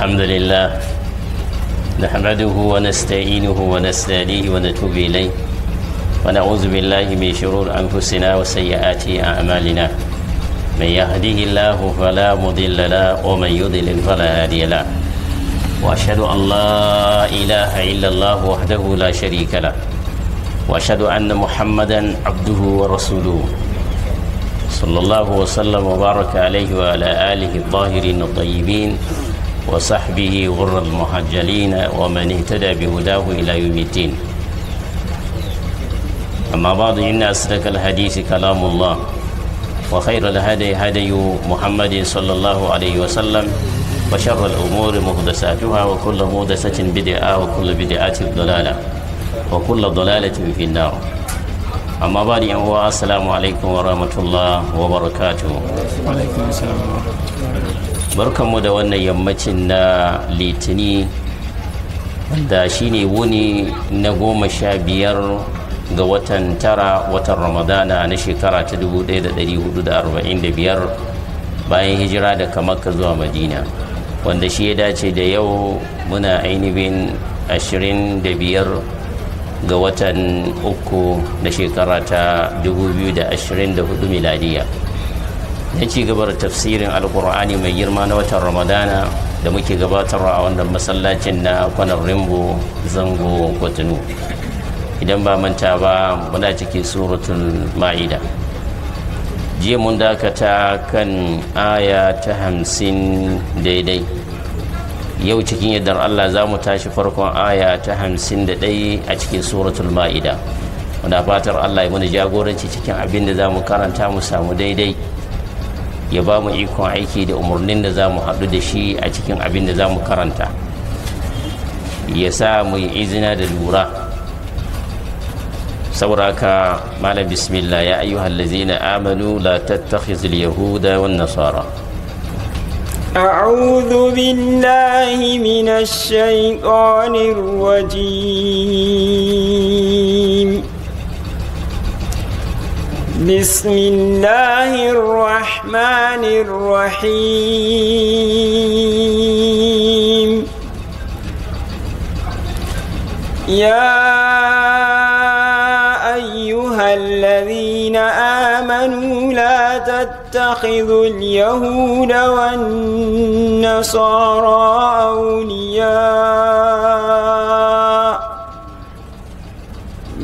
الحمد لله نحمده ونستعينه ونستهديه ونتوب إليه ونعوذ بالله من شرور أنفسنا وسيئات أعمالنا من يهده الله فلا مضل له ومن يضلل فلا هادي له وأشهد أن لا إله إلا الله وحده لا شريك له وأشهد أن محمدا عبده ورسوله صلى الله وسلم وبارك عليه وعلى آله الطاهرين الطيبين وصحبه غر المهجلين ومن اهتدى بهداه إلى يوم الدين أما بعد إن أصدق الحديث كلام الله وخير الهدي هدي محمد صلى الله عليه وسلم وشر الأمور مهدساتها وكل مهدسة بدعة وكل بدعة ضلالة وكل ضلالة في النار أما بعد هو السلام عليكم ورحمة الله وبركاته وعليكم السلام ورحمة الله barkanmu da wannan yammacin na litini wanda shine wuni na goma sha biyar ga watan tara watan ramadana na shekara ta 1445 bayan hijira da kamaka zuwa madina wanda shi ya dace da yau muna ainihin 25 ga watan uku na shekara ta 2024 miladiya na ci gaba da tafsirin alkur'ani mai girma na watan ramadana da muke gabatarwa a wannan masallacin na kwanar rimbo zango kwatano idan ba manta ba muna cikin suratun ma'ida jiya mun dakata kan aya ta hamsin daidai yau cikin yadda allah za mu tashi farkon aya ta hamsin da ɗaya a cikin suratul ma'ida muna fatar allah ya mana jagoranci cikin abin da za mu karanta mu samu daidai ya ba mu ikon aiki da umarnin da za mu haɗu da shi a cikin abin da za mu karanta ya sa mu yi izina da lura sauraka malam bismillah ya ayyuhal ladzina amanu la tattakhizul yahuda wan nasara أعوذ بالله من الشيطان الرجيم بسم الله الرحمن الرحيم يا أيها الذين آمنوا لا تتخذوا اليهود والنصارى أولياء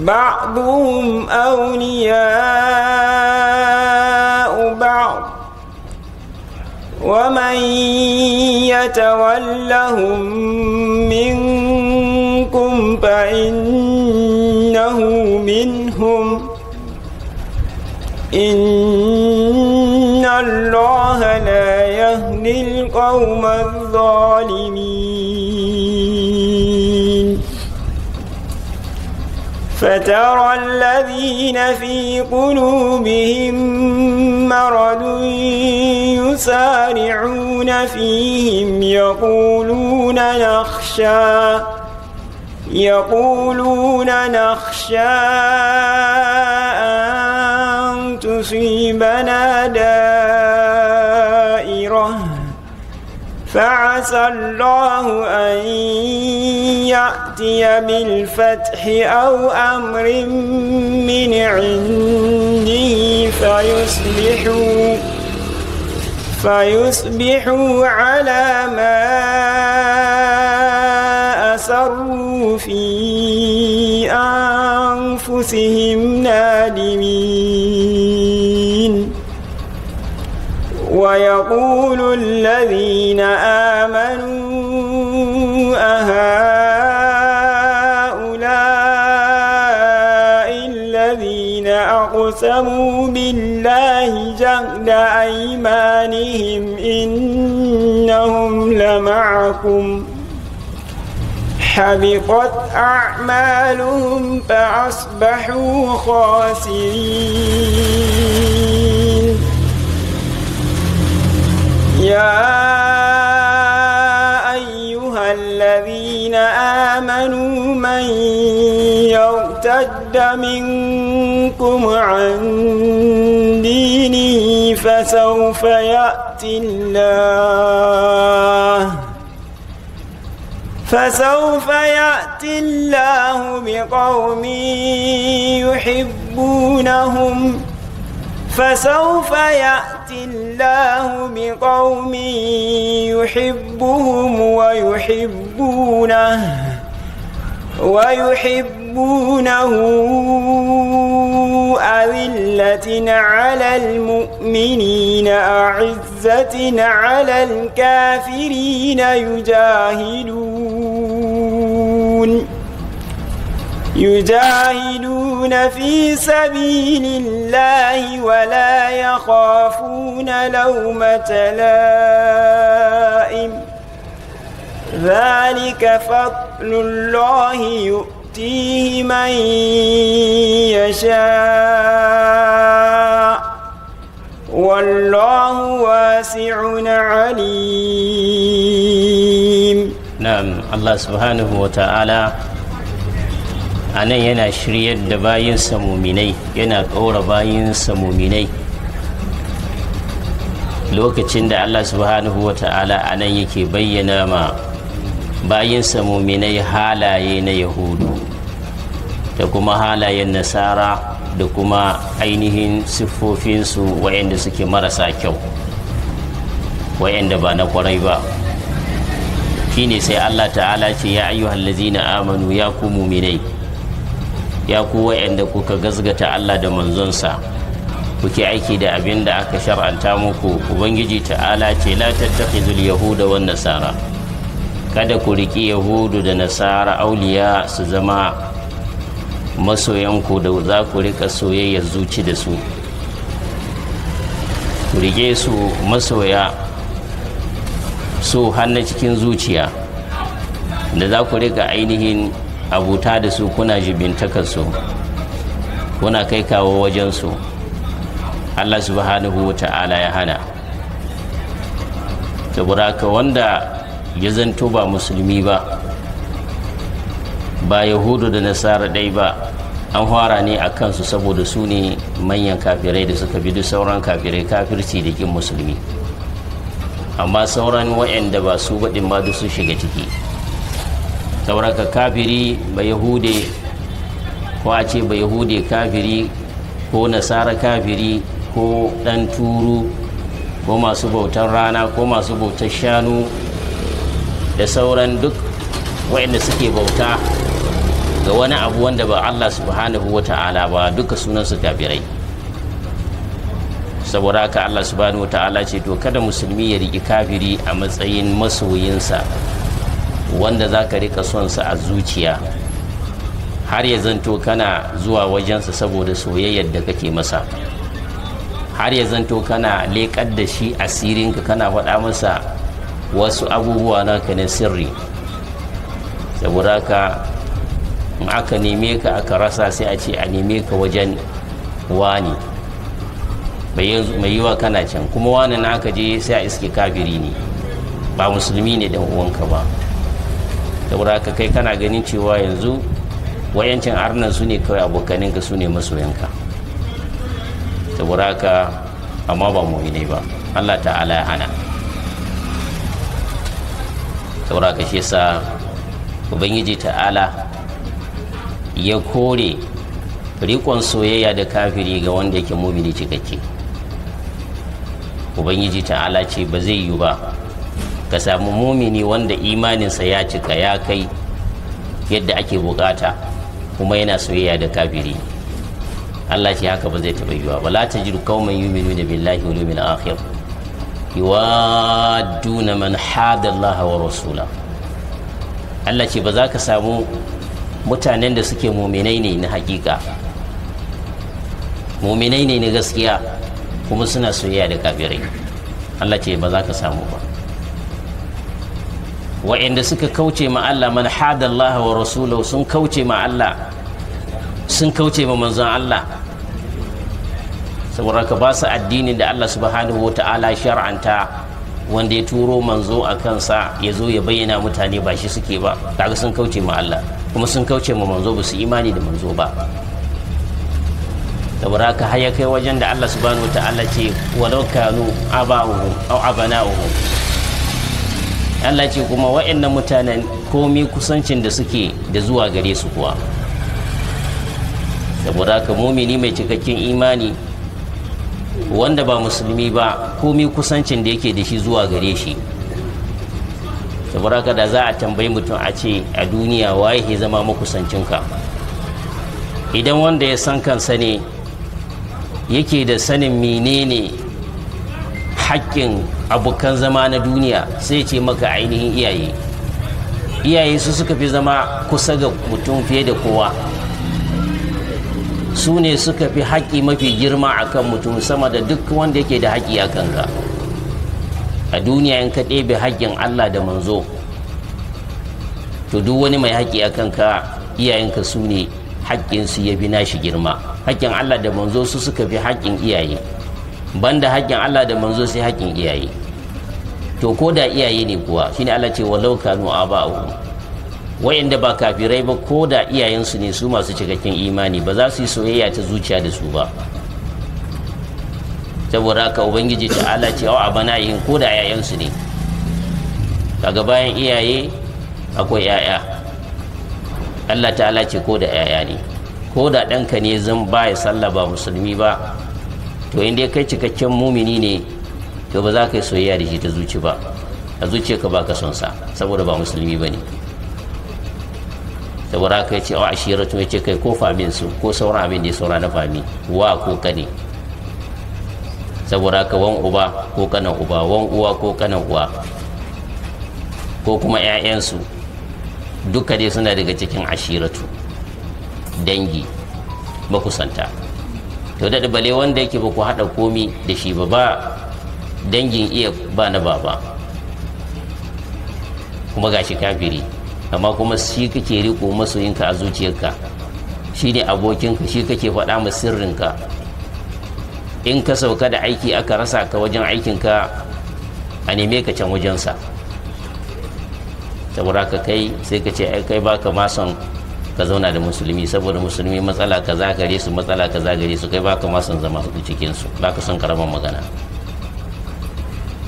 بعضهم أولياء بعض ومن يتولهم منكم فإنه منهم إن الله لا يهدي القوم الظالمين فترى الذين في قلوبهم مرض يسارعون فيهم يقولون نخشى يقولون نخشى أن تصيبنا دائرة فعلى عسى الله أن يأتي بالفتح أو أمر من عنده فيصبحوا فيصبحوا على ما أسروا في أنفسهم نادمين ويقول الذين آمنوا أهؤلاء الذين أقسموا بالله جهد أيمانهم إنهم لمعكم حبطت أعمالهم فأصبحوا خاسرين يا أيها الذين آمنوا من يرتد منكم عن دينه فسوف يأتي الله فسوف يأتي الله بقوم يحبونهم فسوف يأتي الله بقوم يحبهم ويحبونه ويحبونه أذلة على المؤمنين أعزة على الكافرين يجاهدون يجاهدون في سبيل الله ولا يخافون لومة لائم ذلك فضل الله يؤتيه من يشاء والله واسع عليم نعم الله سبحانه وتعالى a nan yana shiryar da bayinsa muminai yana ƙaura bayin muminai lokacin da allah subhanahu wa ta'ala a nan yake bayyana ma bayinsa muminai halaye na yahudu da kuma halayen nasara da kuma ainihin siffofinsu wayanda suke marasa kyau wayanda ba na kwarai ba shine sai allah ta'ala ce ya ayyuhallazina amanu ya ku muminai ya ku wa'anda kuka gazgata Allah da manzonsa kuke aiki da abin da aka shar'anta muku ubangiji ta'ala ce la tattakhizul yahuda wan nasara kada ku riki yahudu da nasara auliya su zama masoyanku da za ku rika soyayya zuci da su ku rike su masoya su har cikin zuciya da za ku rika ainihin abuta da su kuna jibintakarsu kuna kai kawo wajensu allah subhanahu wa ta'ala ya hana saboda wanda ya zanto ba musulmi ba ba yahudu da nasara ɗai ba an fara ne a kansu saboda su ne manyan kafirai da suka bi duk sauran kafirai kafirci da ƙin musulmi amma sauran waɗanda ba su baɗin ma su shiga ciki sauraka kafiri ba yahude ko a ce ba yahude kafiri ko nasara kafiri ko ɗan turu ko masu bautar rana ko masu bautar shanu da sauran duk waɗanda suke bauta ga wani abu wanda ba Allah subhanahu wa ta'ala ba duka sunansu kafirai saboda haka Allah subhanahu wa ta'ala ce to kada musulmi ya riƙi kafiri a matsayin masoyinsa wanda za ka rika son sa a zuciya har ya zanto kana zuwa wajensa saboda soyayyar da kake masa har ya zanto kana leƙar da shi asirinka kana faɗa masa wasu abubuwa naka na sirri saboda ka aka neme ka aka rasa sai a ce a neme ka wajen wani mai yiwa kana can kuma wani na aka je sai a iske kafiri ne ba musulmi ne dan uwanka ba saboda haka kai kana ganin cewa yanzu wayancin arnan su ne kawai abokaninka su ne masoyanka saboda haka amma ba ne ba allah ta'ala ya hana saboda haka shi sa ubangiji ta'ala ya kore rikon soyayya da kafiri ga wanda yake mumini cikakke ubangiji ta'ala ce ba zai yi ba ka samu mumini wanda imaninsa ya cika ya kai yadda ake bukata kuma yana soyayya da kafiri Allah ce haka ba zai taɓa yiwa ba la tajidu qauman yu'minuna billahi wani yawmil akhir duna man hada Allah wa rasula Allah ce ba za ka samu mutanen da suke muminai ne na hakika muminai ne na gaskiya kuma suna soyayya da kafirai Allah ce ba za ka samu ba wa'inda suka kauce ma Allah man hadallaha wa rasulahu sun kauce ma Allah sun kauce ma manzon Allah saboda ka ba su addinin da Allah subhanahu wa ta'ala shar'anta wanda ya turo manzo a kansa ya zo ya bayyana mutane ba shi suke ba kaga sun kauce ma Allah kuma sun kauce ma manzo ba su imani da manzo ba saboda ka har kai wajen da Allah subhanahu wa ta'ala ce walau kanu aba'uhum au abana'uhum Allah ce kuma waɗannan mutanen komi kusancin da suke da zuwa gare su kuwa saboda haka mumini mai cikakken imani wanda ba musulmi ba komi kusancin da yake da shi zuwa gare shi saboda haka da za a tambayi mutum a ce a duniya waye ya zama makusancinka idan wanda ya san kansa ne yake da sanin menene haƙƙin abokan zama na duniya sai ce maka ainihin iyaye iyaye su suka fi zama kusa ga mutum fiye da kowa su ne suka fi haƙƙi mafi girma a kan mutum sama da duk wanda yake da haƙƙi a kanka a duniya in ka ɗebe haƙƙin allah da manzo to duk wani mai haƙƙi a kanka iyayenka su ne haƙƙinsu ya fi nashi girma haƙƙin allah da manzo su suka fi haƙƙin iyaye banda haƙƙin Allah da manzo sai haƙƙin iyaye to ko da iyaye ne kuwa shine Allah ce walau kanu aba'u wayanda ba kafirai ba ko da iyayensu ne su masu cikakken imani ba za su yi soyayya ta zuciya da su ba saboda haka ubangiji ta Allah ce a bana yin ko da yayansu ne kaga bayan iyaye akwai yaya Allah ta'ala ce ko da yaya ne ko da ɗanka ne zan ba ya sallah ba musulmi ba to inda kai cikakken mumini ne to ba za ka yi soyayya da shi ta zuci ba a zuciya ka baka son sa saboda ba musulmi ba ne saboda ka ce a ashiratu ya ce kai ko famin su ko sauran abin da ya saura na fami wa ko kane saboda ka wan uba ko kanan uba wan uwa ko kanan uwa ko kuma 'ya'yansu duka dai suna daga cikin ashiratu dangi makusanta to da bale wanda yake ba ku haɗa komi da shi ba ba dangin iya ba na baba kuma gashi kafiri amma kuma shi kake riko masoyinka a zuciyarka shi ne abokinka shi kake faɗa ma sirrinka in ka sauka da aiki aka rasa ka wajen aikinka a neme ka can wajensa saboda ka kai sai ka ce ai kai baka mason ka zauna da musulmi saboda musulmi matsala ka zagare su matsala ka zagare su kai baka ma masan zama hudu cikin su baka son karamar magana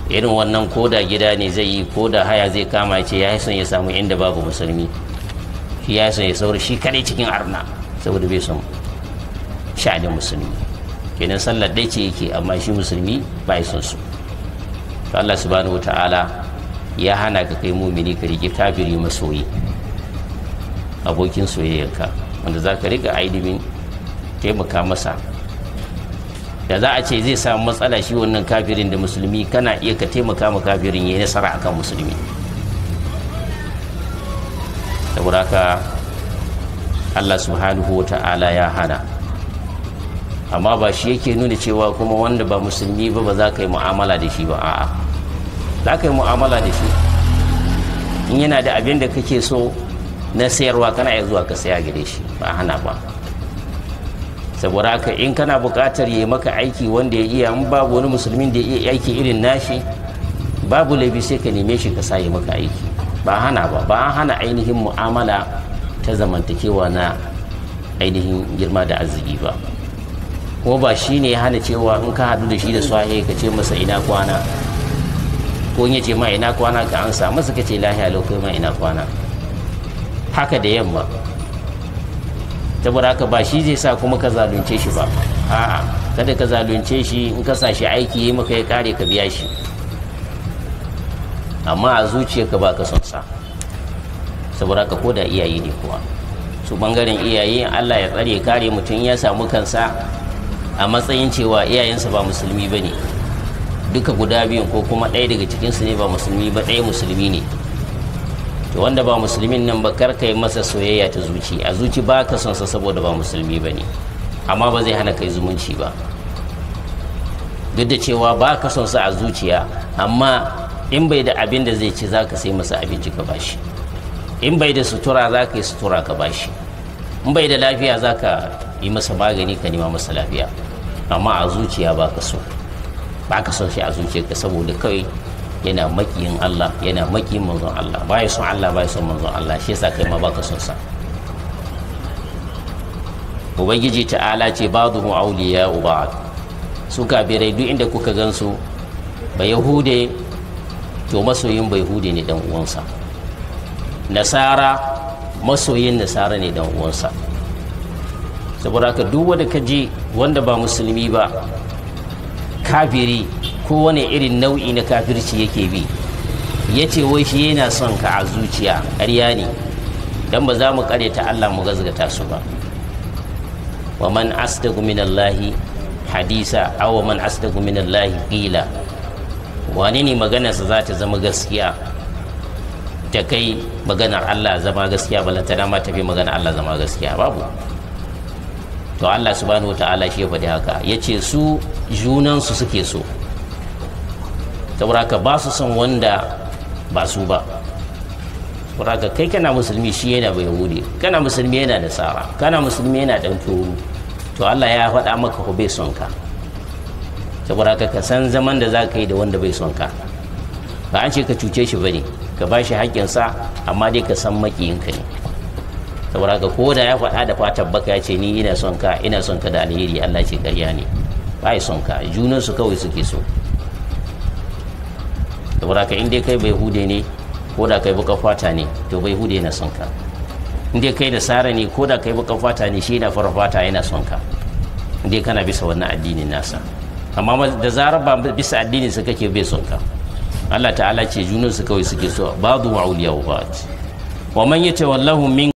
irin wannan koda gida ne zai yi koda haya zai kama ce ya son ya samu inda babu musulmi shi ya son ya sauri shi kadai cikin arna saboda bai son sha'anin musulmi kenan sallar dai ce yake amma shi musulmi ba ya son su Allah subhanahu wa ta'ala ya hana ka kai mumini ka rike kafiri masoyi abokin soyayyanka wanda za ka riga ainihin taimaka masa da za a ce zai samu matsala shi wannan kafirin da musulmi kana iya ka taimaka ma kafirin ya yi nasara akan musulmi saboda haka allah subhanahu wa ta'ala ya hana amma ba shi yake nuna cewa kuma wanda ba musulmi ba ba za ka yi mu'amala da shi ba a'a za ka yi mu'amala da shi in yana da abin da kake so na sayarwa kana iya zuwa ka saya gare shi ba hana ba saboda haka in kana buƙatar ya maka aiki wanda ya iya in babu wani musulmin da ya iya aiki irin nashi babu laifi sai ka neme shi ka sa ya maka aiki ba hana ba ba hana ainihin mu'amala ta zamantakewa na ainihin girma da arziki ba ko ba shi ne ya hana cewa in ka haɗu da shi da swahe ka ce masa ina kwana ko in ya ce ma ina kwana ka ansa masa ka ce lahiya lokai ma ina kwana haka da yamma saboda haka ba shi zai sa kuma ka zalunce shi ba a'a kada ka zalunce shi in ka sa shi aiki yi maka ya kare ka biya shi amma a ka ba ka son sa saboda haka ko da iyaye ne kuwa su bangaren iyaye Allah ya tsare kare mutum ya samu kansa a matsayin cewa iyayensa ba musulmi ba ne duka guda biyun ko kuma ɗaya daga cikinsu ne ba musulmi ba ɗaya musulmi ne to wanda ba musulmin nan ba kar yi masa soyayya ta zuci a zuci ba ka son saboda ba musulmi ba ne amma ba zai hana kai zumunci ba duk da cewa ba ka son sa a zuciya amma in bai da abin da zai ci za ka sai masa abinci ka bashi in bai da sutura za ka yi sutura ka bashi in bai da lafiya za ka yi masa magani ka nema masa lafiya amma a zuciya ba ka so ba ka son shi a ka saboda kawai yana makiyin Allah yana makiyin manzon Allah baya son Allah baya son manzon Allah shi yasa kai ma baka son sa ubangiji ta'ala ce ba'dhum awliya uba su kabirai duk inda kuka gansu ba yahude to masoyin bai hude ne dan uwansa nasara masoyin nasara ne dan uwansa saboda ka duk wanda ka je wanda ba musulmi ba kafiri kowane irin nau'i na kafirci yake bi ya ce wai shi yana son ka a zuciya ƙarya ne don ba za mu ta Allah mu gazgata su ba wa man asdagu min Allahi hadisa aw wa man asdagu min Allahi qila wani ne maganarsa za ta zama gaskiya ta kai maganar Allah zama gaskiya lantana ma tafi maganar Allah zama gaskiya babu to Allah subhanahu wa ta'ala shi ya faɗi haka ya ce su junansu suke so sauraka ba su son wanda ba su ba sauraka kai kana musulmi shi yana bai hude kana musulmi yana da tsara kana musulmi yana dan turu to Allah ya faɗa maka ko bai son ka saboda haka ka san zaman da za ka yi da wanda bai son ka ba an ce ka cuce shi bane ka ba shi haƙƙinsa amma dai ka san maƙiyinka ne saboda haka ko da ya faɗa da fatan baka ya ce ni ina son ka ina son ka da alheri Allah ce ƙarya ne ba son ka junansu kawai suke so saboda ka in kai bai hude ne ko da kai baka fata ne to bai hude yana sonka inda kai da sara ne ko da kai baka fata ne shi yana fara fata yana sonka inda kana bisa wannan addinin nasa amma da zarar ba bisa addinin sa kake bai sonka Allah ta'ala ce su kawai suke so babu wa uliyau ba wa man yace wallahu min